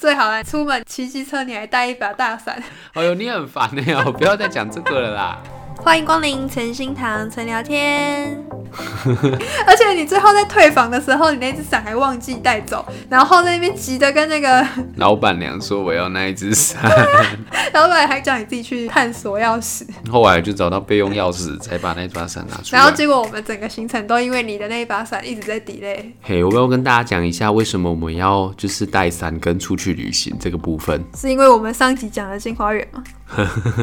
最好了，出門騎機車你還帶一把大傘。哎呦，你很煩的呀，我不要再講這個了啦。 歡迎光臨存心堂存聊天。 而且你最後在退房的時候，你那支傘還忘記帶走，然後在那邊急著跟那個老闆娘說，我要那一支傘。 老闆還講，你自己去探索鑰匙，後來就找到備用鑰匙 才把那把傘拿出來。然後結果我們整個行程都因為你的那一把傘一直在 delay。嘿、hey，我們要跟大家講一下為什麼我們要就是帶傘跟出去旅行這個部分，是因為我們上集講的鏡花緣嗎？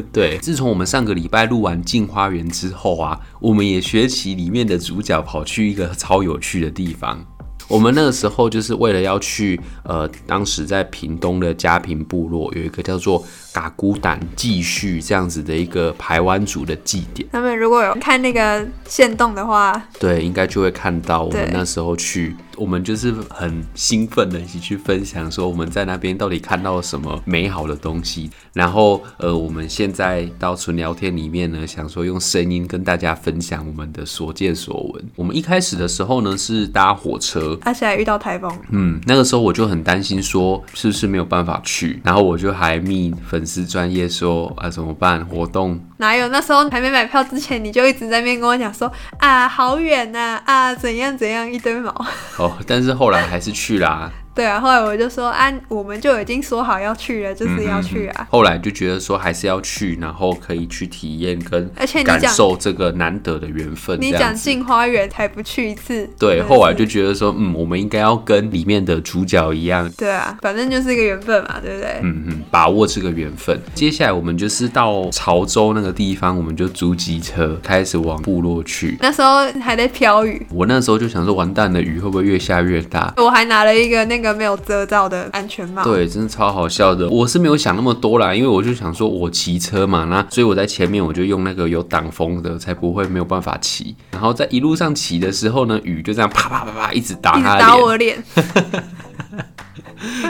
對，自從我們上個禮拜錄完。鏡花緣之後啊，我們也學習裡面的主角跑去一個超有趣的地方。我們那個時候就是為了要去，呃，當時在屏東的佳平部落有一個叫做。打孤 Kakudan 繼續這樣子的一個排灣族的祭典。那麼如果有看那個限動的話，對，應該就會看到我們那時候去，我們就是很興奮的一起去分享說，我們在那邊到底看到了什麼美好的東西。然後呃，我們現在到存聊天裡面呢，想說用聲音跟大家分享我們的所見所聞。我們一開始的時候呢是搭火車，而且還遇到颱風。嗯，那個時候我就很擔心說是不是沒有辦法去，然後我就還密粉。是專業說啊，怎麼辦？活動哪有。那時候還沒買票之前，你就一直在那邊跟我講說啊，好遠啊，啊怎樣怎樣一堆毛哦，但是後來還是去啦。 對啊，後來我就說，啊，我們就已經說好要去了，就是要去啊、嗯嗯嗯。後來就覺得說還是要去，然後可以去體驗跟感受這個難得的緣分你。你講鏡花緣才不去一次對。對，後來就覺得說，嗯，我們應該要跟裡面的主角一樣。對啊，反正就是一個緣分嘛，對不對？嗯嗯，把握這個緣分。接下來我們就是到潮州那個地方，我們就租機車開始往部落去。那時候還在飄雨，我那時候就想說，完蛋了，雨會不會越下越大？我還拿了一個那個。一個沒有遮罩的安全帽，對，真的超好笑的。我是沒有想那麼多啦，因為我就想說我騎車嘛，那所以我在前面，我就用那個有擋風的，才不會沒有辦法騎。然後在一路上騎的時候呢，雨就這樣啪啪啪啪一直打他的，一直打我臉。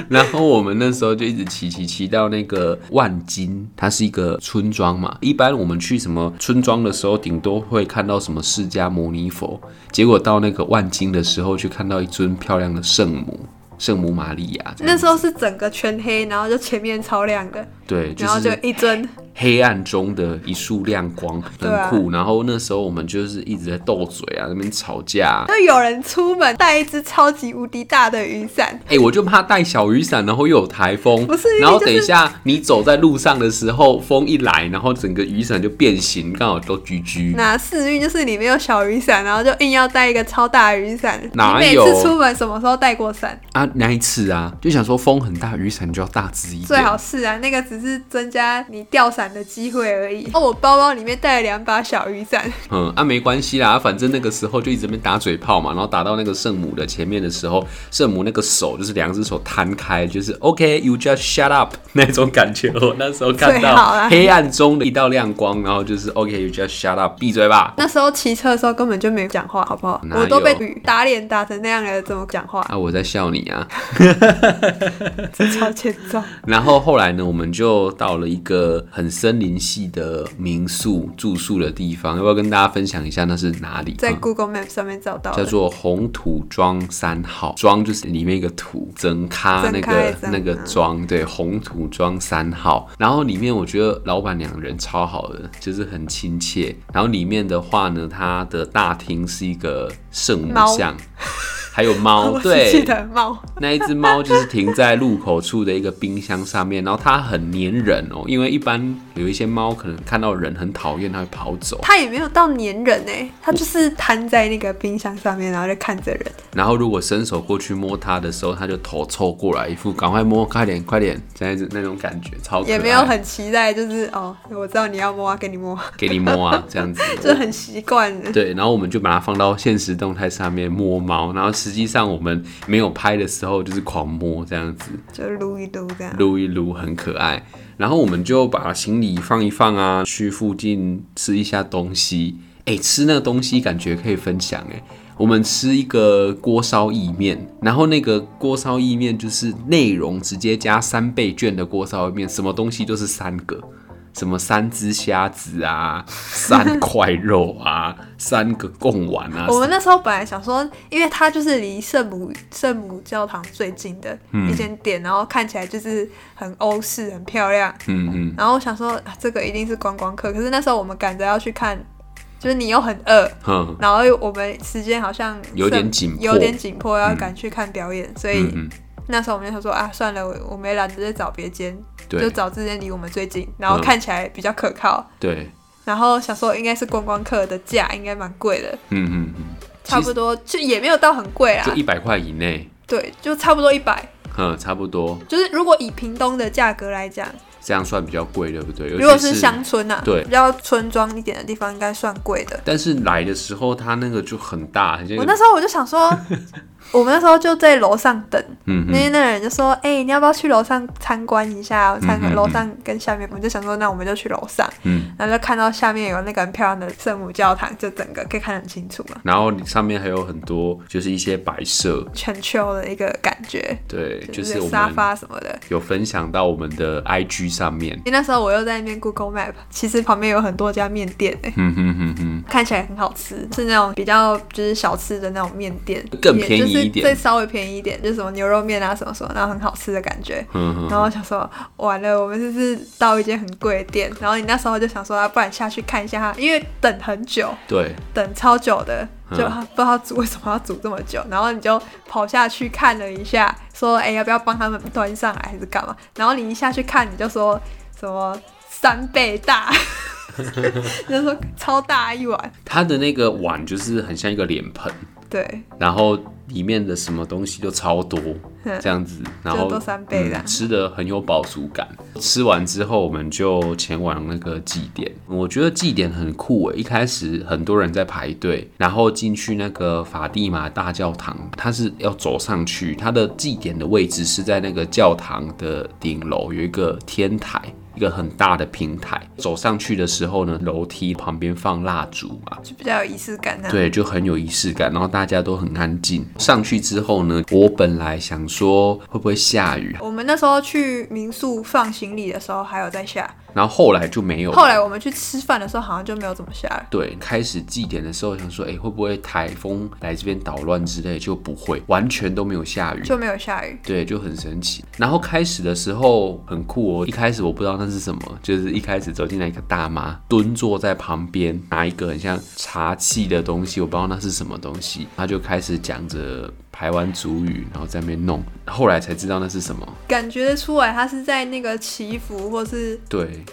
然後我們那時候就一直騎騎騎到那個萬金，它是一個村莊嘛。一般我們去什麼村莊的時候，頂多會看到什麼釋迦牟尼佛，結果到那個萬金的時候，就看到一尊漂亮的聖母。聖母瑪利亞，那時候是整個全黑，然後就前面超亮的。對、就是，然後就一尊黑暗中的一束亮光，很酷、啊。然後那時候我們就是一直在鬥嘴啊，在那邊吵架、啊。就有人出門帶一支超級無敵大的雨傘，哎、欸，我就怕帶小雨傘，然後又有台風，不是。然後等一下你走在路上的時候，就是、風一來，然後整個雨傘就變形，剛好都 GG。那、啊、四運就是裡面有小雨傘，然後就硬要帶一個超大雨傘。哪有？你每次出門什麼時候帶過傘啊？那一次啊，就想說風很大，雨傘就要大支一點。最好是啊，那個只。只是增加你掉傘的機會而已。哦、oh，我包包裡面帶了兩把小雨傘。嗯，啊，沒關係啦，反正那個時候就一直在打嘴炮嘛，然後打到那個聖母的前面的時候，聖母那個手就是兩隻手攤開，就是 OK you just shut up 那種感覺。我那時候看到，黑暗中的一道亮光，然後就是 OK you just shut up 閉嘴吧。那時候騎車的時候根本就沒講話，好不好？我都被雨打臉打成那樣了，怎麼講話？啊，我在笑你啊， 這超欠揍。然後後來呢，我們就。就到了一個很森林系的民宿住宿的地方，要不要跟大家分享一下那是哪裡？嗯、在 Google Map 上面找到，叫做紅土莊三號莊，就是裡面一個土，整咖那個咖、啊、那個莊，對，紅土莊三號。然後裡面我覺得老闆娘人超好的，就是很親切。然後裡面的話呢，它的大廳是一個聖母像。還有貓，對，貓那一隻貓就是停在路口處的一個冰箱上面，然後它很黏人哦、喔，因為一般有一些貓可能看到人很討厭，它會跑走。它也沒有到黏人哎，它就是癱在那個冰箱上面，然後在看着人。然後如果伸手過去摸它的時候，它就頭湊過來，一副趕快摸，快點，快點這樣子那種感覺，超也沒有很期待，就是哦，我知道你要摸啊，給你摸，給你摸啊，這樣子就很習慣。對，然後我們就把它放到限時動態上面摸貓，然後是。實際上我們沒有拍的時候就是狂摸這樣子，就擼一擼這樣，擼一擼很可愛。然後我們就把行李放一放啊，去附近吃一下東西。哎、欸，吃那個東西感覺可以分享誒、欸，我們吃一個鍋燒意面，然後那個鍋燒意面就是內容直接加三倍券的鍋燒意面，什麼東西都是三個。什麼三隻蝦子啊，三塊肉啊， 三個貢丸啊。我們那時候本來想說，因為它就是離聖母聖母教堂最近的一間店，嗯，然後看起來就是很歐式、很漂亮。嗯嗯。然後我想說、啊，這個一定是觀光客。可是那時候我們趕着要去看，就是你又很餓，嗯，然後我們時間好像有點緊迫，有點緊迫要趕去看表演，嗯、所以。嗯嗯那時候我們就想說啊，算了，我我沒懶得再找別間，就找這間離我們最近，然後看起來比較可靠。對、嗯，然後想說應該是觀光客的價，應該蠻貴的，嗯嗯，差不多其實就也沒有到很貴啊，就一百塊以內。對，就差不多一百。嗯，差不多。就是如果以屏東的價格來講，這樣算比較貴，對不對？如果是鄉村吶、啊，對，比較村莊一點的地方應該算貴的。但是來的時候它那個就很大，我那時候我就想說。 我們那時候就在樓上等，嗯、那天那個人就說：“哎、欸，你要不要去樓上參觀一下？參觀嗯嗯樓上跟下面。”我就想說：“那我們就去樓上。”嗯，然後就看到下面有那個很漂亮的聖母教堂，就整個可以看得很清楚嘛。然後上面還有很多，就是一些擺設，全球的一個感覺。對，就是沙發什麼的，就是、有分享到我們的 IG 上面。因為那時候我又在那邊 Google Map，其實旁邊有很多家麵店哎、嗯，看起來很好吃，是那種比較就是小吃的那種麵店，更便宜。最稍微便宜一點，就是什麼牛肉麵啊什麼什麼，然後很好吃的感覺。嗯、然後想說，完了，我們就是到一間很貴的店。然後你那時候就想說，啊，不然下去看一下哈，因為等很久，對，等超久的，就他不知道煮為什麼要煮這麼久、嗯。然後你就跑下去看了一下，說，哎、欸，要不要幫他們端上來還是幹嘛？然後你一下去看，你就說什麼三倍大， 就說超大一碗。他的那個碗就是很像一個臉盆。對，然後裡面的什麼東西都超多，這樣子，然後多三倍的、嗯，吃得很有飽足感。吃完之後，我們就前往那個祭典。我覺得祭典很酷誒，一開始很多人在排隊，然後進去那個法蒂瑪大教堂，他是要走上去，他的祭典的位置是在那個教堂的頂樓有一個天台，一個很大的平台，走上去的時候呢，樓梯旁邊放蠟燭嘛，就比較有儀式感啊。對，就很有儀式感，然後大家都很安靜。上去之後呢，我本來想說會不會下雨。我們那時候去民宿放行李的時候，還有在下。然後後來就沒有了。後來我們去吃飯的時候，好像就沒有怎麼下雨。對，開始祭典的時候想說，誒，會不會台風來這邊搗亂之類，就不會，完全都沒有下雨。就沒有下雨。對，就很神奇。然後開始的時候很酷哦，一開始我不知道那是什麼，就是一開始走進來一個大媽蹲坐在旁邊，拿一個很像茶器的東西，我不知道那是什麼東西，她就開始講着。台灣族語，然後在那邊弄，後來才知道那是什麼。感覺得出來，他是在那個祈福，或是對，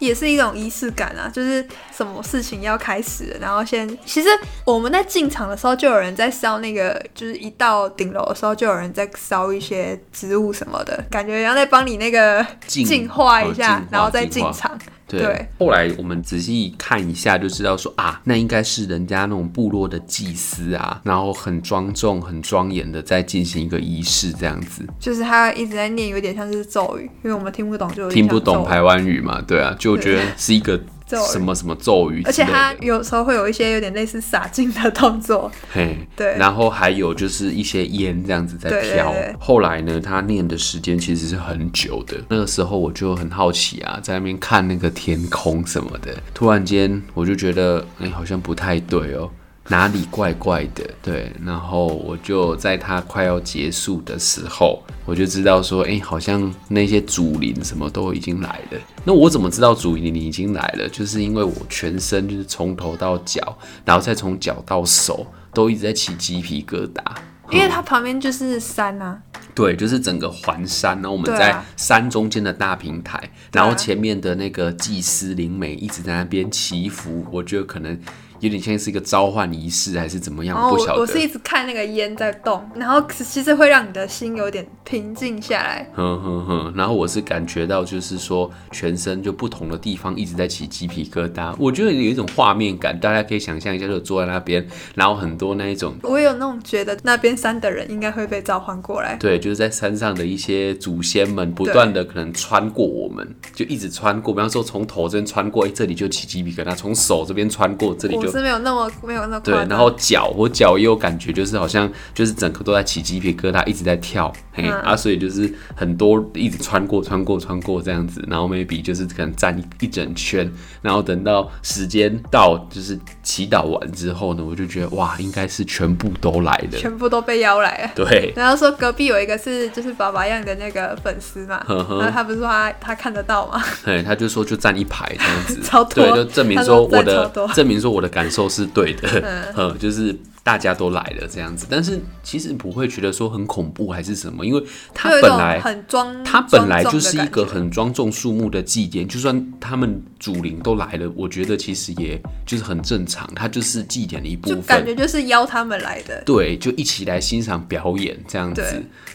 也是一種儀式感啊。就是什麼事情要開始，然後先。其實我們在進場的時候，就有人在燒那個，就是一到頂樓的時候，就有人在燒一些植物什麼的，感覺要進進然後再幫你那個淨化一下，然後再進場。對，對，後來我們仔細看一下就知道說，說啊，那應該是人家那種部落的祭司啊，然後很莊重、很莊嚴的在進行一個儀式，這樣子。就是他一直在念，有點像是咒語，因為我們聽不懂就，就聽不懂台灣語嘛。對啊，就我覺得是一個。什麼什麼咒語，而且他有時候會有一些有點類似撒淨的動作，嘿，對，然後還有就是一些煙這樣子在飄。後來呢，他念的時間其實是很久的。那個時候我就很好奇啊，在那邊看那個天空什麼的，突然間我就覺得，哎、欸，好像不太對哦。哪裡怪怪的？對，然後我就在它快要結束的時候，我就知道說，哎、欸，好像那些祖靈什麼都已經來了。那我怎麼知道祖靈你已經來了？就是因為我全身就是從頭到腳，然後再從腳到手，都一直在起雞皮疙瘩。嗯、因為它旁邊就是山啊。對，就是整個環山，然後我們在山中間的大平台，啊，然後前面的那個祭司靈媒一直在那邊祈福，我覺得可能有點像是一個召喚儀式，還是怎麼樣？哦、不曉得。我是一直看那個煙在動，然後其實會讓你的心有點平靜下來。哼哼哼，然後我是感覺到，就是說全身就不同的地方一直在起雞皮疙瘩。我覺得有一種畫面感，大家可以想象一下，就是，坐在那邊，然後很多那一種。我也有那種覺得那邊山的人應該會被召喚過來。對，就是在山上的一些祖先們不斷的可能穿過我們，就一直穿過，比方說從頭這邊穿過，哎、欸，這裡就起雞皮疙瘩；從手這邊穿過，這裡就。哦是沒有那麼沒有那麼誇張。對，然後，腳我腳也有感覺，就是好像就是整個都在起雞皮疙瘩，他一直在跳，嘿啊，啊，所以就是很多一直穿過穿過穿過這樣子，然後 maybe 就是可能站一整圈，然後等到時間到就是祈禱完之後呢，我就覺得哇，應該是全部都來的，全部都被邀來了。對，然後說隔壁有一個是就是爸爸樣的那個粉絲嘛呵呵，然後他不是說他他看得到嗎？對，他就說就站一排這樣子， 超多，對，就證明說我的證明說我的感。感受是對的、嗯呵，就是大家都來了這樣子，但是其實不會覺得說很恐怖還是什麼，因為他本來很莊，他本來就是一個很莊重肅穆的祭典。就算他們祖靈都來了，我覺得其實也就是很正常，他就是祭典的一部分，就感覺就是邀他們來的，對，就一起來欣賞表演這樣子，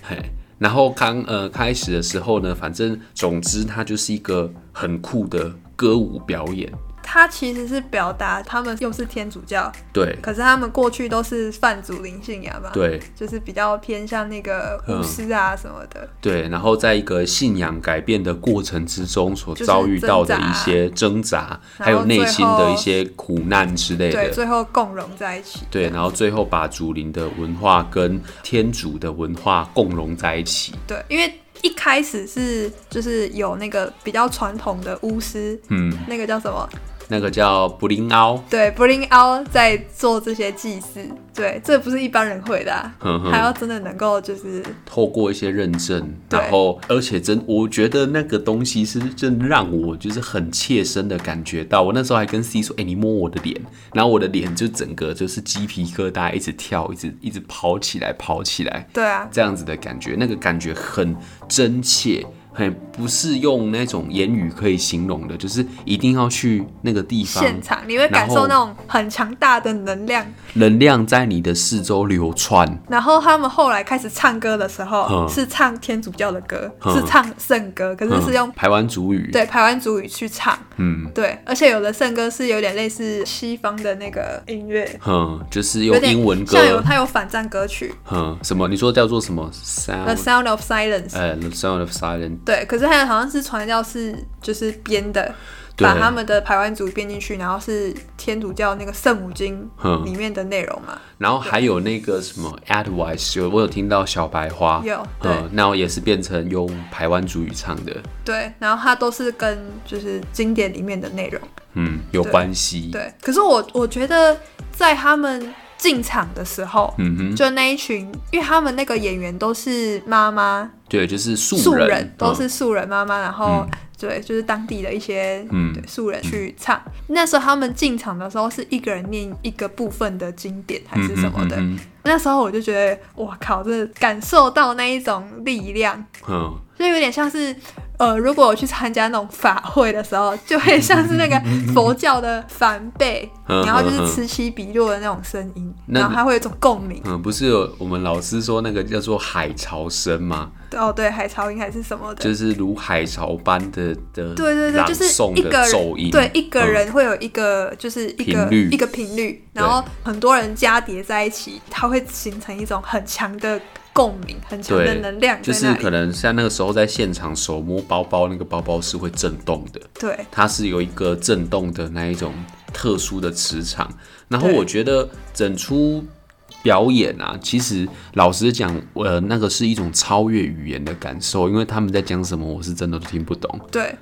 嘿，然後剛呃開始的時候呢，反正總之他就是一個很酷的歌舞表演。他其實是表達他們又是天主教，對，可是他們過去都是泛祖靈信仰吧，對，就是比較偏向那個巫師啊、嗯、什麼的，對。然後在一個信仰改變的過程之中，所遭遇到的一些掙扎，就是掙扎，還有內心的一些苦難之類的，然後最後，對。最後共融在一起，對。然後最後把祖靈的文化跟天主的文化共融在一起，對。因為一開始是就是有那個比較傳統的巫師，嗯，那個叫什麼？那個叫布林奧，對，布林奧在做這些祭祀，對，這不是一般人會的，啊哼哼，還要真的能夠就是透過一些認證，然後而且真，我覺得那個東西是真讓我就是很切身的感覺到，我那時候還跟 C 說，哎、欸，你摸我的臉，然後我的臉就整個就是雞皮疙瘩一直跳，一直一直，一直跑起來跑起來，對啊，這樣子的感覺，那個感覺很真切。很、hey, 不是用那種言語可以形容的，就是一定要去那個地方現場，你會感受那種很強大的能量，能量在你的四周流竄。然後他們後來開始唱歌的時候，是唱天主教的歌，嗯、是唱聖歌，可是是用台灣族語，對，台灣族語去唱，嗯，對。而且有的聖歌是有點類似西方的那個音樂，嗯，就是用英文歌，像有，他有反戰歌曲，嗯，什麼？你說叫做什麼 sound？The Sound of Silence，呃、uh,，The Sound of Silence。對，可是還好像是傳教士，就是編的，把他們的排灣族編進去，然後是天主教那個聖母經裡面的內容嘛、嗯。然後還有那個什麼 advice，我有聽到小白花有，嗯，那也是變成用排灣族語唱的。對，然後它都是跟就是經典裡面的內容，嗯，有關係。對，可是我我覺得在他們。進場的時候、嗯哼，就那一群，因為他們那個演員都是媽媽，對，就是素人，素人都是素人媽媽、哦，然後、嗯、對，就是當地的一些、嗯、素人去唱、嗯。那時候他們進場的時候，是一個人念一個部分的經典還是什麼的，嗯哼嗯哼。那時候我就覺得，哇靠，真的感受到那一種力量，哦、就有點像是。呃，如果我去參加那種法會的時候，就會像是那個佛教的梵唄、 嗯嗯嗯，然後就是此起彼落的那種聲音，然後它會有一種共鳴。嗯，不是有我們老師說那個叫做海潮聲嗎？哦，對，海潮音還是什麼的，就是如海潮般的的，的。對對對，就是一個人對一個人會有一個、嗯、就是一個一個頻率，然後很多人加疊在一起，它會形成一種很強的。共鳴，很強的能量，就是可能像那個時候在現場手摸包包，那個包包是會震動的。對，它是有一個震動的那一種特殊的磁場。然後我覺得整出表演啊，其實老實講，呃，那個是一種超越語言的感受，因為他們在講什麼，我是真的都聽不懂。對，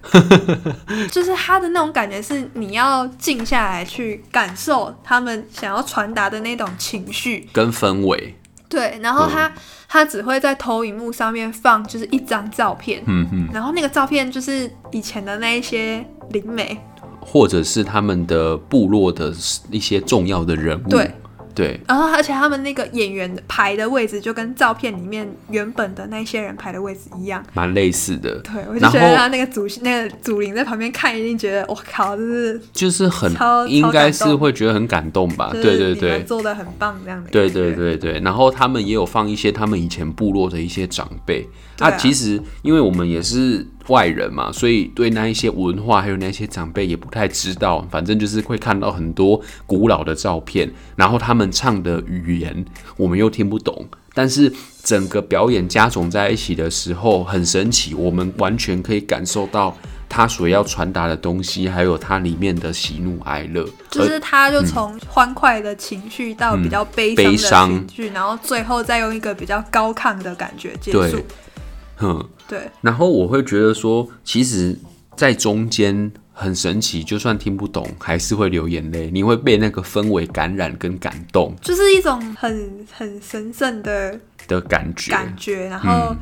就是他的那種感覺是你要靜下來去感受他們想要傳達的那種情緒跟氛圍。對，然後他、嗯、他只會在投影幕上面放，就是一張照片、嗯嗯，然後那個照片就是以前的那一些靈媒，或者是他們的部落的一些重要的人物。對。對，然後，啊，而且他們那個演員排的位置就跟照片裡面原本的那些人排的位置一樣，蠻類似的。對，我就覺得他那個主那個主領在旁邊看一定覺得我靠，就是就是很超，應該是會覺得很感動吧？對對對，做的很棒這樣的。對對對對，然後他們也有放一些他們以前部落的一些長輩，那，啊啊，其實因為我們也是。外人嘛，所以對那一些文化還有那些長輩也不太知道。反正就是會看到很多古老的照片，然後他們唱的語言我們又聽不懂。但是整個表演加總在一起的時候很神奇，我們完全可以感受到他所要傳達的東西，還有它裡面的喜怒哀樂。就是他就從歡快的情緒到比較悲傷的情緒，然後最後再用一個比較高亢的感覺結束。對嗯，對。然後我會覺得說，其實，在中間很神奇，就算聽不懂，還是會流眼淚。你會被那個氛圍感染跟感動，就是一種很很神聖的的感覺。感覺，然後。嗯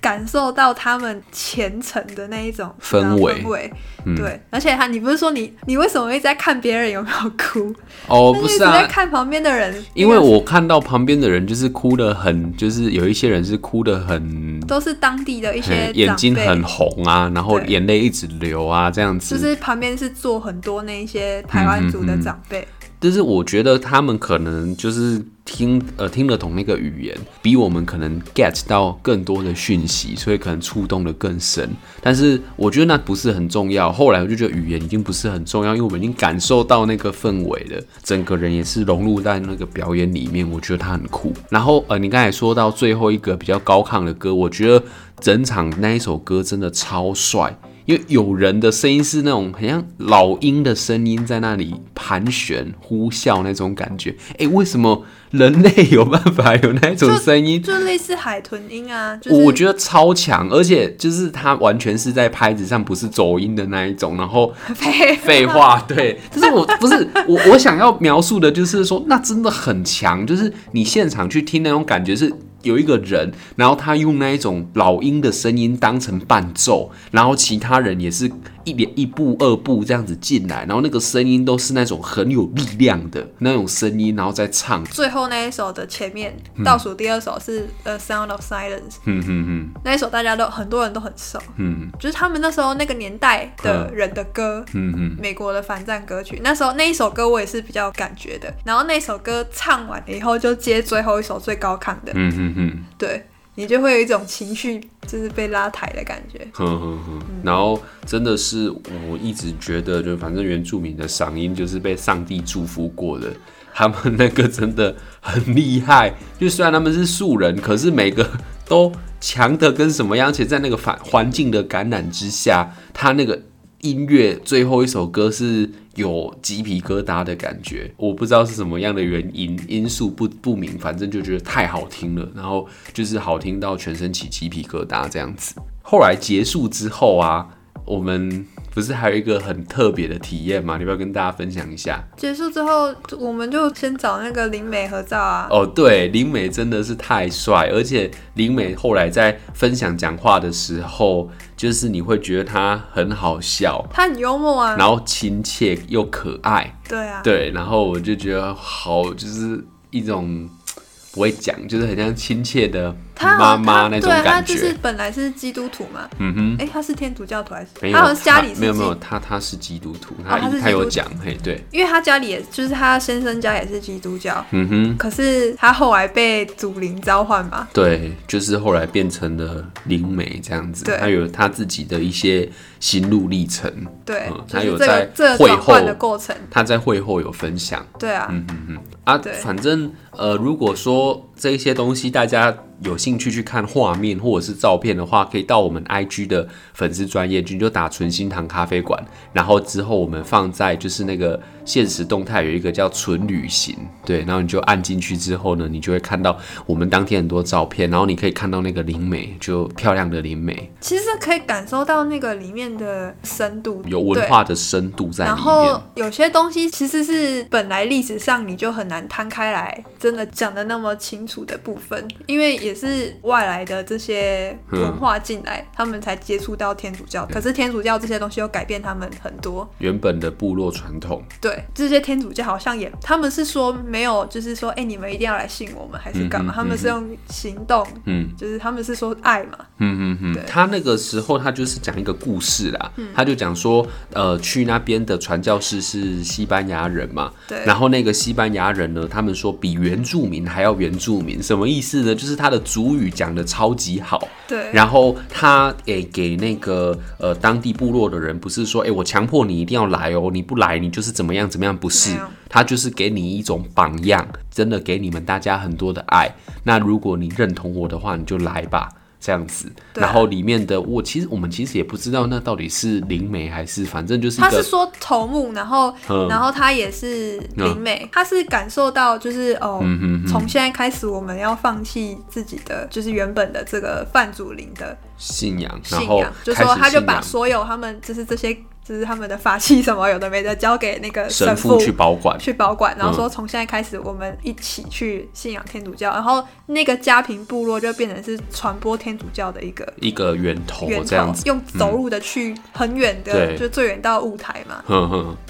感受到他們虔誠的那一種氛圍，對，嗯、而且他，你不是說你，你為什麼一直在看別人有沒有哭？哦，是在不是啊，看旁邊的人，因為我看到旁邊的人就是哭得很，就是有一些人是哭得很，都是當地的一些長輩，眼睛很紅啊，然後眼淚一直流啊，這樣子。就是旁邊是坐很多那一些台灣族的長輩。嗯嗯嗯但是我覺得他們可能就是聽呃聽得懂那個語言，比我們可能 get 到更多的訊息，所以可能觸動得更深。但是我覺得那不是很重要。後來我就覺得語言已經不是很重要，因為我們已經感受到那個氛圍了，整個人也是融入在那個表演裡面。我覺得他很酷。然後呃，你剛才說到最後一個比較高亢的歌，我覺得整場那一首歌真的超帥。因為有人的聲音是那種很像老鷹的聲音，在那裡盤旋呼嘯那種感覺。哎、欸，為什麼人類有辦法有那種聲音？就，就類似海豚音啊。就是、我，我覺得超強，而且就是它完全是在拍子上，不是走音的那一種。然後廢話，對。 但是我不是我我想要描述的就是說，那真的很強，就是你現場去聽那種感覺是。有一個人，然後他用那一種老鷹的聲音當成伴奏，然後其他人也是。一點一步、二步這樣子進來，然後那個聲音都是那種很有力量的那種聲音，然後再唱最後那一首的前面、嗯、倒數第二首是呃《Sound of Silence》、嗯，嗯嗯嗯，那一首大家都很多人都很熟，嗯，就是他們那時候那個年代的人的歌，嗯嗯，美國的反戰歌曲、嗯嗯嗯，那時候那一首歌我也是比較有感覺的，然後那首歌唱完了以後就接最後一首最高亢的，嗯嗯嗯，對。你就會有一種情緒，就是被拉抬的感覺。呵呵呵嗯、然後，真的是我一直覺得，就反正原住民的嗓音就是被上帝祝福過的，他們那個真的很厲害。就雖然他們是素人，可是每個都強的跟什麼樣？且在那個環環境的感染之下，他那個音樂最後一首歌是。有雞皮疙瘩的感覺，我不知道是什麼樣的原因因素不不明，反正就覺得太好聽了，然後就是好聽到全身起雞皮疙瘩這樣子。後來結束之後啊。我們不是還有一個很特別的體驗嗎？你不要跟大家分享一下。結束之後，我們就先找那個林美合照啊。哦，對，林美真的是太帥，而且林美後來在分享講話的時候，就是你會覺得他很好笑，他很幽默啊，然後親切又可愛。對啊。對，然後我就覺得好，就是一種不會講，就是很像親切的。他媽媽那種感覺，對她就是本來是基督徒嘛，嗯哼，哎、欸，他是天主教徒還是？他好像家裡沒有沒有，他他是，是，是基督徒。他一直他有講，嘿，對，因為他家裡也就是他先生家也是基督教，嗯哼，可是他後來被祖靈召喚嘛，對，就是後來變成了靈媒這樣子，他有他自己的一些心路歷程，對，他、嗯就是這個、有在會後、這個、換的過程，他在會後有分享，對啊，嗯嗯嗯啊對，反正呃，如果說這些東西大家。有興趣去看畫面或者是照片的話，可以到我們 IG 的粉絲專頁，就打“存心堂咖啡館”，然後之後我們放在就是那個。限時動態有一個叫存旅行，對，然後你就按進去之後呢，你就會看到我們當天很多照片，然後你可以看到那個靈美，就漂亮的靈美，其實可以感受到那個裡面的深度，有文化的深度在裡面。然後有些東西其實是本來歷史上你就很難攤開來，真的講的那麼清楚的部分，因為也是外來的這些文化進來、嗯，他們才接觸到天主教、嗯，可是天主教這些東西又改變他們很多原本的部落傳統，對。這些天主教好像也，他們是說沒有，就是說，哎、欸，你們一定要來信我們，還是幹嘛、嗯嗯？他們是用行動，嗯，就是他們是說愛嘛。嗯嗯嗯。他那個時候他就是講一個故事啦，嗯、他就講說，呃，去那邊的傳教士是西班牙人嘛，對。然後那個西班牙人呢，他們說比原住民還要原住民，什麼意思呢？就是他的族語講得超級好，對。然後他誒、欸、給那個呃當地部落的人不是說，哎、欸，我強迫你一定要來哦，你不來你就是怎麼樣？怎麼樣？不是，他就是給你一種榜樣，真的給你們大家很多的愛。那如果你認同我的話，你就來吧，這樣子。然後裡面的我其實我們其實也不知道那到底是靈媒還是，反正就是他是說頭目，然後然後他也是靈媒，他是感受到就是哦、嗯嗯嗯，從現在開始我們要放棄自己的就是原本的這個泛祖靈的信仰，然後信仰，信仰，就是說他就把所有他們就是這些。是他們的法器什麼有的沒的交給那個神父去保管，去保管，然後說從現在開始我們一起去信仰天主教，然後那個佳平部落就變成是傳播天主教的一個一個源頭，這樣子用走路的去很遠的，就最遠到霧台嘛，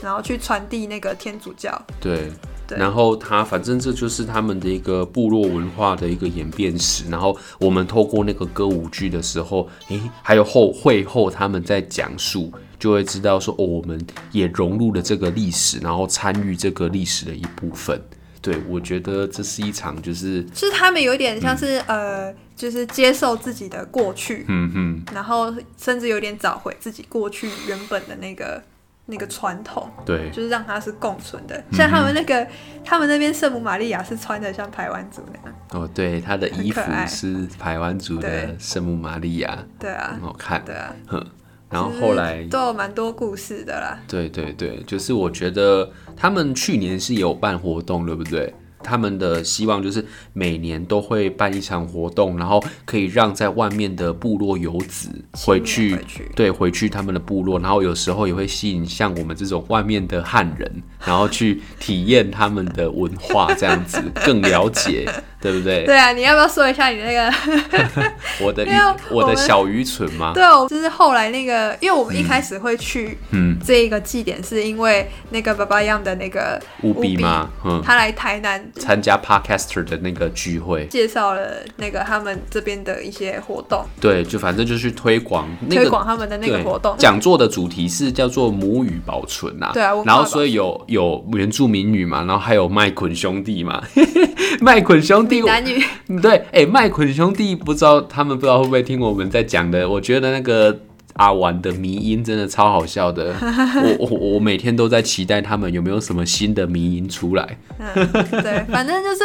然後去傳遞那個天主教。對，然後他反正這就是他們的一個部落文化的一個演變史，然後我們透過那個歌舞劇的時候、欸，還有後會後他們在講述。就會知道說哦，我們也融入了這個歷史，然後參與這個歷史的一部分。對，我覺得這是一場就是，就是他們有點像是、嗯、呃，就是接受自己的過去，嗯哼，然後甚至有點找回自己過去原本的那個那個傳統，對，就是讓它是共存的。像他們那個、嗯，他們那邊聖母瑪利亞是穿的像排灣族那樣，哦，對，他的衣服是排灣族的聖母瑪利亞。對，對啊，很好看，對啊，哼。然後後來都有蠻多故事的啦。對對對，就是我覺得他們去年是有辦活動，對不對？他們的希望就是每年都會辦一場活動，然後可以讓在外面的部落遊子回去，回去，對，回去他們的部落。然後有時候也會吸引像我們這種外面的漢人，然後去體驗他們的文化， 這樣子更了解。對不對？對啊，你要不要說一下你那個 我的我的小愚蠢嗎？對啊、哦，就是後來那個，因為我們一開始會去嗯，嗯，這一個祭典，是因為那個 Vavayan 的那個 Ubi 嗎？嗯，他來台南、嗯、參加 Podcaster 的那個聚會，介紹了那個他們這邊的一些活動。對，就反正就去推廣、那個、推廣他們的那個活動。講座的主題是叫做母語保存吶、啊， 對啊。我然後所以有有原住民語嘛，然後還有麥捆兄弟嘛， 麥捆兄弟。男女對，哎，欸，麥昆兄弟不知道他們不知道會不會聽我們在講的。我覺得那個阿婉的迷音真的超好笑的。 我我我每天都在期待他們有沒有什麼新的迷音出來，嗯。對，反正就是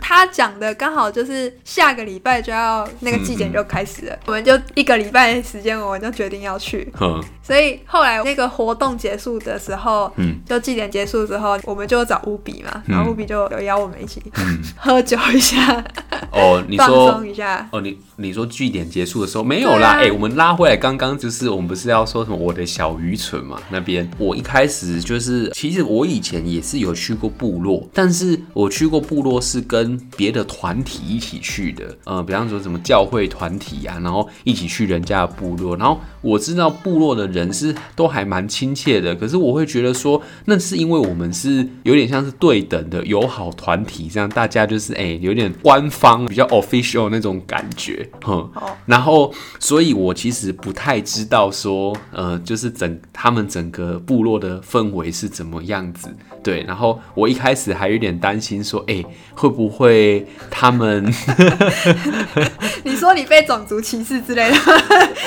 他講的，剛好就是下個禮拜就要那個祭典就開始了，嗯嗯，我們就一個禮拜的時間，我們就決定要去。嗯所以後來那個活動結束的時候，嗯，就祭典結束之後，我們就找烏比嘛，然後烏比就有邀我們一起呵呵呵喝酒一下，哦，放鬆一下，哦，你說哦，你你說祭典結束的時候沒有啦？哎、啊欸，我們拉回來，剛剛就是我們不是要說什麼我的小愚蠢嘛？那邊我一開始就是，其實我以前也是有去過部落，但是我去過部落是跟別的團體一起去的，嗯、呃，比方說什麼教會團體啊，然後一起去人家的部落，然後我知道部落的。人是都還蠻親切的，可是我會覺得說，那是因為我們是有點像是對等的友好團體，這樣大家就是哎、欸、有點官方比較 official 那種感覺，哼。哦、oh。然後，所以我其實不太知道說，呃，就是整他們整個部落的氛圍是怎麼樣子。對。然後我一開始還有點擔心說，哎、欸，會不會他們？ 你說你被種族歧視之類的，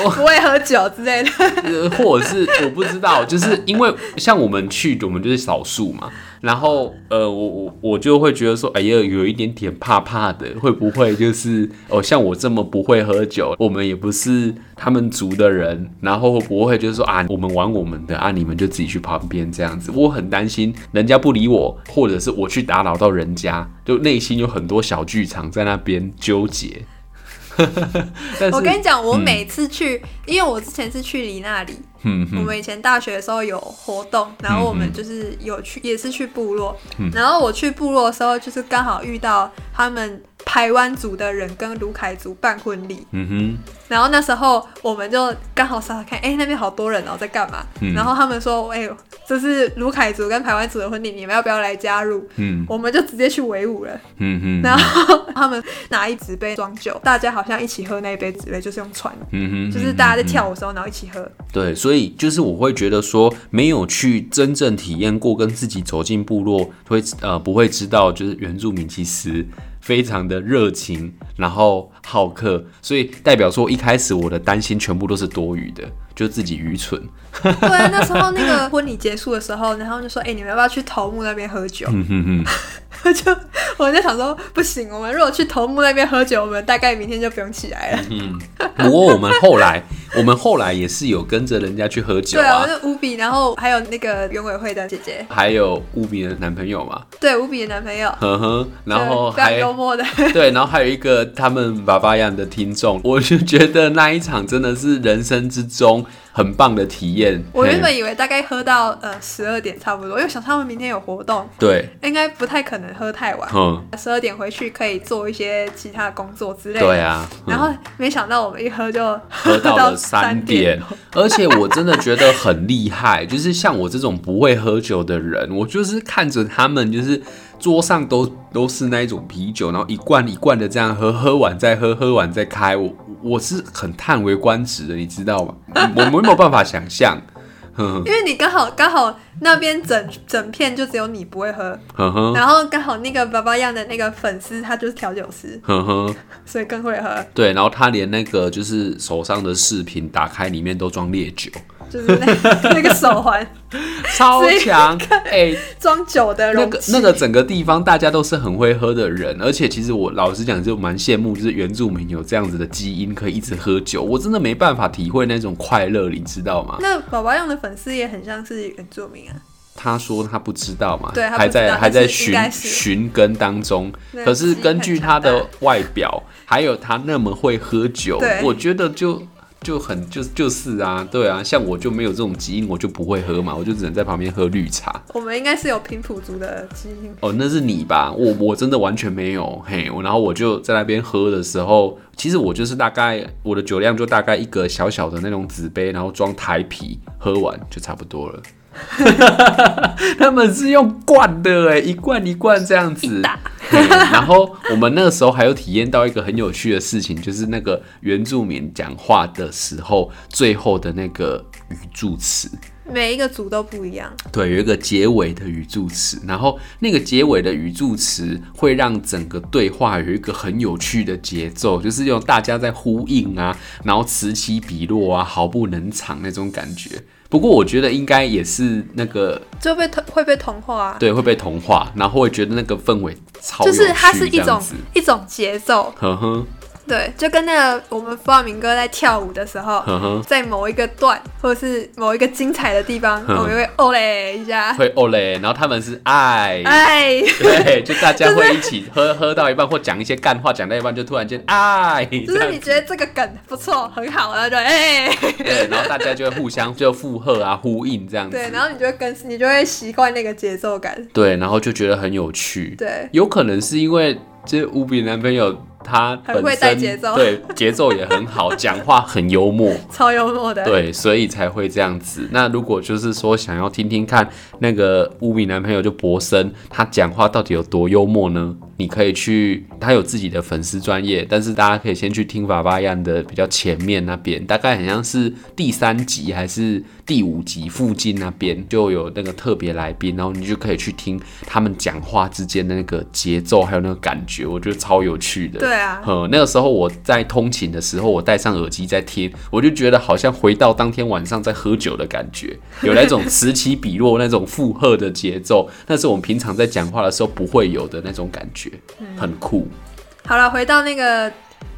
我不 會喝酒之類的。 或者是我不知道，就是因為像我們去，我們就是少數嘛。然後呃，我我我就會覺得說，哎呀，有一點點怕怕的，會不會就是哦，像我這麼不會喝酒，我們也不是他們族的人，然後會不會就是說啊，我們玩我們的啊，你們就自己去旁邊這樣子。我很擔心人家不理我，或者是我去打擾到人家，就內心有很多小劇場在那邊糾結。 我跟你講，我每次去、嗯，因為我之前是去你那裡、嗯，我們以前大學的時候有活動，然後我們就是有去，嗯、也是去部落、嗯，然後我去部落的時候，就是剛好遇到他們。排灣族的人跟魯凱族辦婚禮，嗯哼，然後那時候我們就剛好傻傻看，哎、欸，那邊好多人哦、喔，在幹嘛、嗯。然後他們說，哎、欸、呦，這是魯凱族跟排灣族的婚禮，你們要不要來加入？嗯，我們就直接去圍舞了，嗯哼，然後他們拿一紙杯裝酒，大家好像一起喝那一杯酒，就是用串，嗯哼，就是大家在跳舞的時候，然後一起喝。嗯、對，所以就是我會覺得說，沒有去真正體驗過跟自己走進部落，會呃不會知道，就是原住民其實。非常的熱情，然後好客，所以代表說一開始我的擔心全部都是多餘的，就自己愚蠢。對啊，那時候那個婚禮結束的時候，然後就說：“欸，你們要不要去頭目那邊喝酒？”嗯哼，就。我在想說，不行，我們如果去頭目那邊喝酒，我們大概明天就不用起來了。嗯，不過我們後來， 我們後來也是有跟着人家去喝酒啊。對啊，我是 Ubi，然後還有那個原委會的姐姐，還有 Ubi 的男朋友嘛。對，Ubi 的男朋友，呵呵。然後還幽默的，對，然後還有一個他們爸爸一樣的聽眾，我就覺得那一場真的是人生之中。很棒的體驗。我原本以為大概喝到、嗯、呃十二點差不多，又想他們明天有活動，對，應該不太可能喝太晚。嗯，十二點回去可以做一些其他工作之類的。對啊、嗯，然後沒想到我們一喝就喝到了三點， 喝到了三點，而且我真的覺得很厲害， 就是像我這種不會喝酒的人，我就是看着他們就是。桌上都都是那一種啤酒，然後一罐一罐的這樣喝，喝完再喝，喝完再開。我我是很嘆為觀止的，你知道嗎？我沒有辦法想象因為你剛好剛好那邊整整片就只有你不會喝，呵呵，然後剛好那個爸爸樣的那個粉絲他就是調酒師，所以更會喝。對，然後他連那個就是手上的飾品打開裡面都裝烈酒。就是那， 那個手環，超強哎！裝酒的 、欸、那個那個整個地方，大家都是很會喝的人，而且其實我老實講，就蠻羨慕，就是原住民有這樣子的基因，可以一直喝酒。我真的沒辦法體會那種快樂，你知道嗎？那寶寶用的粉絲也很像是原住民啊。他說他不知道嘛，對，他不知道，還在、還是、還在尋尋根當中難難。可是根據他的外表， 還有他那麼會喝酒，對，我覺得就。就很就就是啊，對啊，像我就沒有這種基因，我就不會喝嘛，我就只能在旁邊喝綠茶。我們應該是有平埔族的基因哦，那是你吧？我我真的完全沒有嘿，然後我就在那邊喝的時候，其實我就是大概我的酒量就大概一個小小的那種紙杯，然後裝台啤，喝完就差不多了。 他們是用罐的哎，一罐一罐這樣子 對。然後我們那個時候還有體驗到一個很有趣的事情，就是那個原住民講話的時候，最後的那個語助詞，每一個組都不一樣。對，有一個結尾的語助詞，然後那個結尾的語助詞會讓整個對話有一個很有趣的節奏，就是用大家在呼應啊，然後此起彼落啊，毫不冷場那種感覺。不過我覺得應該也是那個，就被會被同化啊，對，會被同化，然後我覺得那個氛圍超就是它是一種一種節奏，呵呵。對，就跟那個我們發明哥在跳舞的時候，呵呵在某一個段或者是某一個精彩的地方，呵呵我們就會哦嘞一下，會哦嘞，然後他們是愛，愛，對，就大家會一起喝、就是、喝到一半或講一些乾話，講到一半就突然間愛，就是你覺得這個梗不錯，很好，然後哎、欸，對，然後大家就會互相就附和啊，呼應這樣子，對，然後你就會跟你就會習慣那個節奏感，對，然後就覺得很有趣，對，有可能是因為。其實烏比男朋友他本身很會帶節奏對節奏也很好，講 話很幽默，超幽默的。對，所以才會這樣子。那如果就是說想要聽聽看那個烏比男朋友就博生他講話到底有多幽默呢？你可以去，他有自己的粉絲專業，但是大家可以先去聽 Vavayan 的比較前面那邊，大概好像是第三集還是第五集附近那邊就有那個特別來賓，然後你就可以去聽他們講話之間的那個節奏還有那個感覺，我覺得超有趣的。對啊，呵，那個時候我在通勤的時候，我戴上耳機在聽，我就覺得好像回到當天晚上在喝酒的感覺，有那種此起彼落那種附和的節奏，那是我們平常在講話的時候不會有的那種感覺。嗯、很酷。好了，回到那個《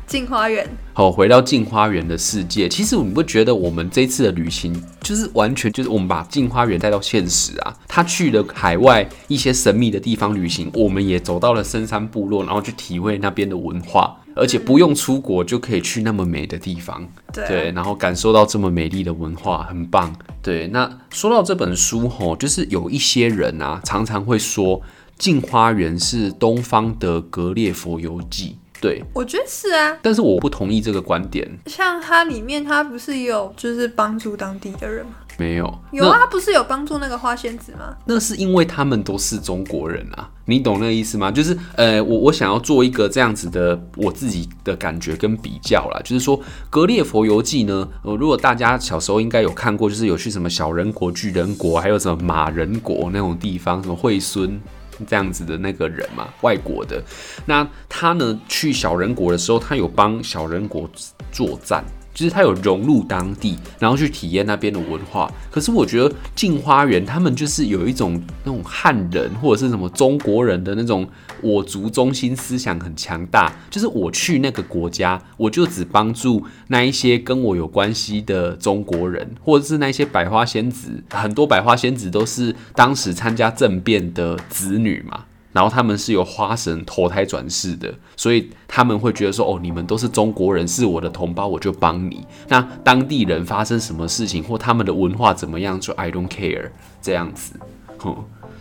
鏡花緣》。好，回到《鏡花緣》的世界。其實我們會覺得，我們這次的旅行就是完全就是我們把《鏡花緣》帶到現實啊。他去了海外一些神秘的地方旅行，我們也走到了深山部落，然後去體會那邊的文化，而且不用出國就可以去那麼美的地方。嗯、對，然後感受到這麼美麗的文化，很棒。對，那說到這本書吼，就是有一些人啊，常常會說。《鏡花緣》是東方的《格列佛遊記》，對，我覺得是啊，但是我不同意這個觀點。像它裡面，它不是有就是幫助當地的人嗎？沒有，有啊，不是有幫助那個花仙子嗎？那是因為他們都是中國人啊，你懂那個意思嗎？就是呃，我我想要做一個這樣子的我自己的感覺跟比較啦。就是說《格列佛遊記》呢，如果大家小時候應該有看過，就是有去什麼小人國、巨人國，還有什麼馬人國那種地方，什麼惠孫。這樣子的那個人嘛，外國的，那他呢，去小人國的時候，他有幫小人國作戰。就是他有融入當地，然後去體驗那邊的文化。可是我覺得鏡花緣他們就是有一種那種漢人或者是什麼中國人的那種我族中心思想很強大。就是我去那個國家，我就只幫助那一些跟我有關係的中國人，或者是那些百花仙子。很多百花仙子都是當時參加政變的子女嘛。然後他們是由花神投胎轉世的，所以他們會覺得說：“哦，你們都是中國人，是我的同胞，我就幫你。”那當地人發生什麼事情或他們的文化怎麼樣，就 I don't care 這樣子。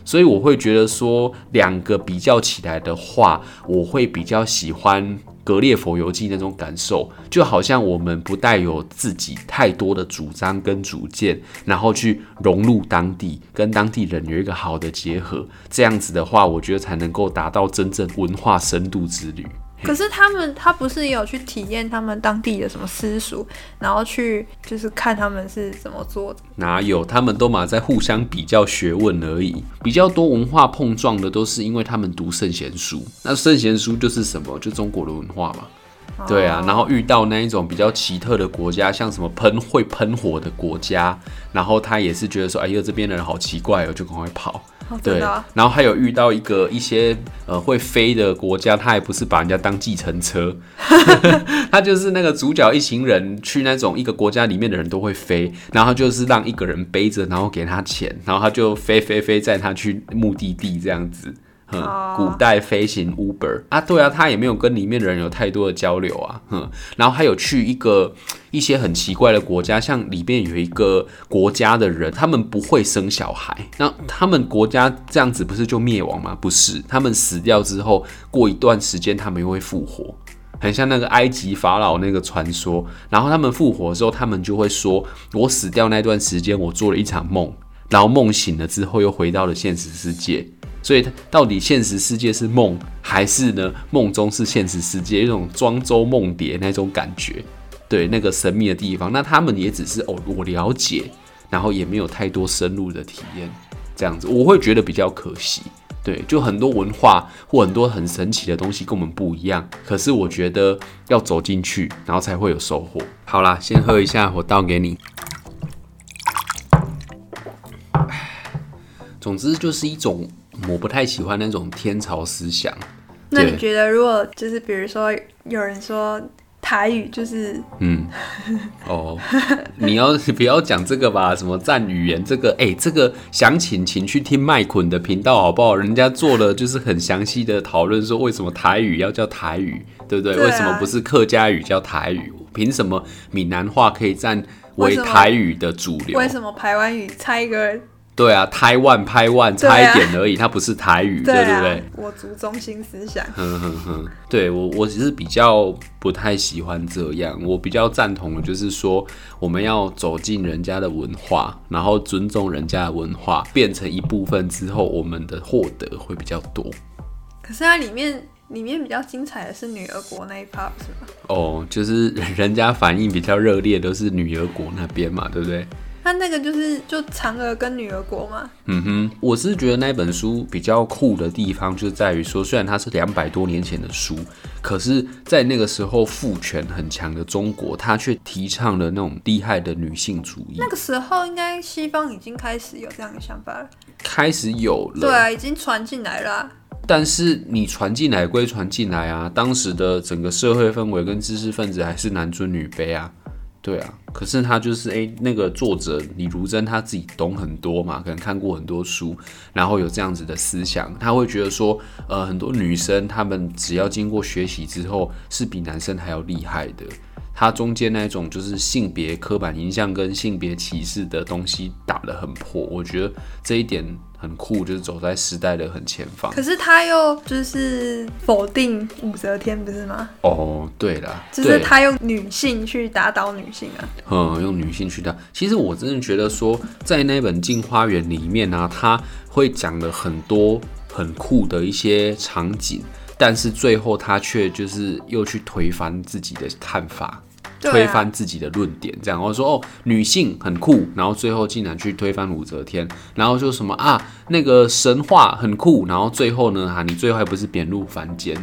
所以我會覺得說，兩個比較起來的話，我會比較喜歡。《格列佛遊記》那種感受，就好像我們不帶有自己太多的主張跟主見，然後去融入當地，跟當地人有一個好的結合，這樣子的話，我覺得才能夠達到真正文化深度之旅。可是他們，他不是有去體驗他們當地的什麼私塾，然後去就是看他們是怎麼做的？哪有，他們都嘛在互相比較學問而已。比較多文化碰撞的，都是因為他們讀聖賢書。那聖賢書就是什麼？就中國的文化嘛。對啊，然後遇到那一種比較奇特的國家，像什麼噴會噴火的國家，然後他也是覺得說，哎呦這邊的人好奇怪哦，我就趕快跑。Oh, 對、啊，然後還有遇到一個一些呃會飛的國家，他也不是把人家當計程車， 他就是那個主角一行人去那種一個國家，裡面的人都會飛，然後他就是讓一個人背着，然後給他錢，然後他就飛飛飛載他去目的地這樣子。嗯、古代飛行 Uber 啊，對啊，他也沒有跟裡面的人有太多的交流啊。哼、嗯，然後還有去一個一些很奇怪的國家，像裡面有一個國家的人，他們不會生小孩，那他們國家這樣子不是就滅亡嗎？不是，他們死掉之後，過一段時間他們又會復活，很像那個埃及法老那個傳說。然後他們復活之後，他們就會說：“我死掉那段時間，我做了一場夢，然後夢醒了之後又回到了現實世界。”所以到底現實世界是夢，還是呢？夢中是現實世界，一種莊周夢蝶那種感覺，對那個神秘的地方。那他們也只是哦，我了解，然後也沒有太多深入的體驗，這樣子我會覺得比較可惜。對，就很多文化或很多很神奇的東西跟我們不一樣，可是我覺得要走進去，然後才會有收穫。好啦，先喝一下，我倒給你。唉，總之就是一種。我不太喜歡那種天朝思想。那你覺得，如果就是比如說，有人說台語就是……嗯，哦、oh, ，你要不要講這個吧？什麼佔語言這個？哎、欸，這個想請，請去聽麥捆的頻道好不好？人家做了就是很詳細的討論，說為什麼台語要叫台語，對不對？對啊，為什麼不是客家語叫台語？憑什麼閩南話可以佔為台語的主流？為什麼，為什麼台灣語排灣語？猜一個。對啊 Taiwan，Taiwan 差一點而已，它不是台語對、啊，對不對？我族中心思想。呵呵呵對我，我其實比較不太喜歡這樣，我比較贊同的，就是說我們要走進人家的文化，然後尊重人家的文化，變成一部分之後，我們的獲得會比較多。可是它、啊、裡面裡面比較精彩的是女兒國那一 part 是吧？哦、oh,，就是人家反應比較熱烈，都是女兒國那邊嘛，對不對？他那，那個就是就嫦娥跟女兒國嘛。嗯哼，我是覺得那本書比較酷的地方就在於說，雖然它是兩百多年前的書，可是，在那個時候父權很強的中國，它卻提倡了那種厲害的女性主義。那個時候，應該西方已經開始有這樣的想法了。開始有了，對啊，已經傳進來了啊。但是你傳進來歸傳進來啊，當時的整個社會氛圍跟知識分子還是男尊女卑啊。對啊，可是他就是哎，那個作者李汝珍他自己懂很多嘛，可能看過很多書，然後有這樣子的思想，他會覺得說，呃，很多女生她們只要經過學習之後，是比男生還要厲害的。他中間那一種就是性別刻板印象跟性別歧視的東西打得很破，我覺得這一點很酷，就是走在時代的很前方。可是他又就是否定武則天不是嗎？哦、oh，對了，就是他用女性去打倒女性啊。嗯，用女性去打。其實我真的覺得說，在那本《鏡花緣》裡面呢、啊，他會講了很多很酷的一些場景。但是最後他卻就是又去推翻自己的看法，啊、推翻自己的論點，這樣我說哦、喔，女性很酷，然後最後竟然去推翻武則天，然後就什麼啊那個神話很酷，然後最後呢哈、啊，你最後還不是貶入凡間，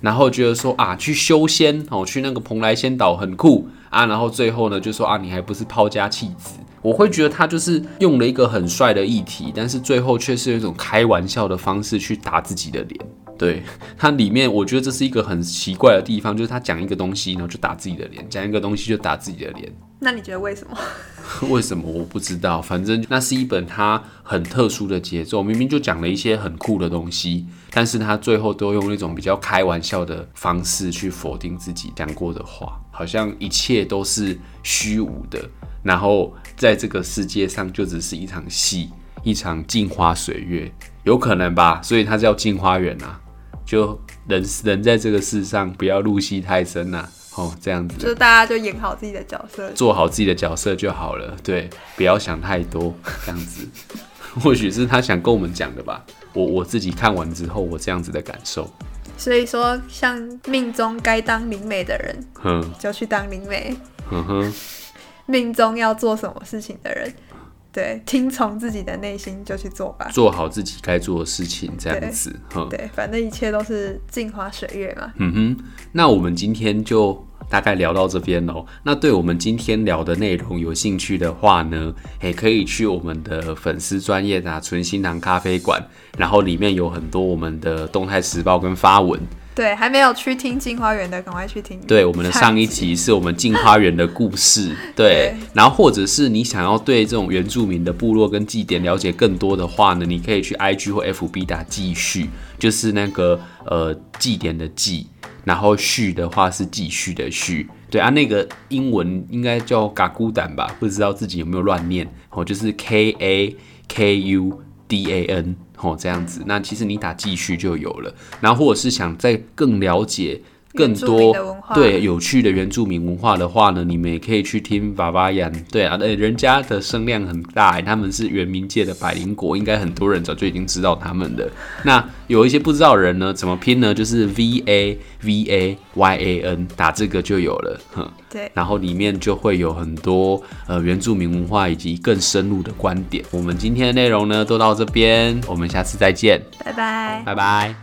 然後覺得說啊去修仙哦、喔、去那個蓬萊仙島很酷啊，然後最後呢就說啊你還不是拋家棄子，我會覺得他就是用了一個很帥的議題，但是最後卻是有一種開玩笑的方式去打自己的臉。對它裡面，我覺得這是一個很奇怪的地方，就是他講一個東西，然後就打自己的臉；講一個東西就打自己的臉。那你覺得為什麼？ 為什麼我不知道？反正那是一本他很特殊的節奏，明明就講了一些很酷的東西，但是他最後都用那種比較開玩笑的方式去否定自己講過的話，好像一切都是虛無的，然後在這個世界上就只是一場戲，一場鏡花水月，有可能吧？所以它叫《鏡花緣》啊。就人人在這個世上不要入戲太深吶，啊，哦，這樣子，就大家就演好自己的角色，做好自己的角色就好了，對，不要想太多，這樣子，或許是他想跟我們講的吧，我我自己看完之後我這樣子的感受，所以說像命中該當靈媒的人，嗯，就去當靈媒，嗯哼，命中要做什麼事情的人。對，聽從自己的內心就去做吧，做好自己該做的事情這樣子。對，對，反正一切都是鏡花水月嘛。嗯哼，那我們今天就大概聊到這邊嘍。那對我們今天聊的內容有興趣的話呢，也可以去我們的粉絲專業的存心堂咖啡館，然後裡面有很多我們的動態時報跟發文。對，還沒有去聽《鏡花緣》的，趕快去聽的。對，我們的上一集是我們《鏡花緣》的故事 對。對，然後或者是你想要對這種原住民的部落跟祭典了解更多的話呢，你可以去 I G 或 F B 打“祭敘”，就是那個呃祭典的祭，然後序的話是繼續的序。對啊，那個英文應該叫 “Kakudan” 吧？不知道自己有沒有亂念。哦，就是 K A K U D A N。哦，這樣子，那其實你打繼續就有了，然後或者是想再更了解，更多對有趣的原住民文化的話呢，你們也可以去聽 Vavayan。對啊，人家的聲量很大，他們是原民界的百靈果，應該很多人早就已經知道他們的。 那有一些不知道人呢，怎麼拼呢？就是 V A V A Y A N，打這個就有了。哼，對。然後裡面就會有很多呃原住民文化以及更深入的觀點。我們今天的內容呢，都到這邊，我們下次再見，拜拜，拜拜。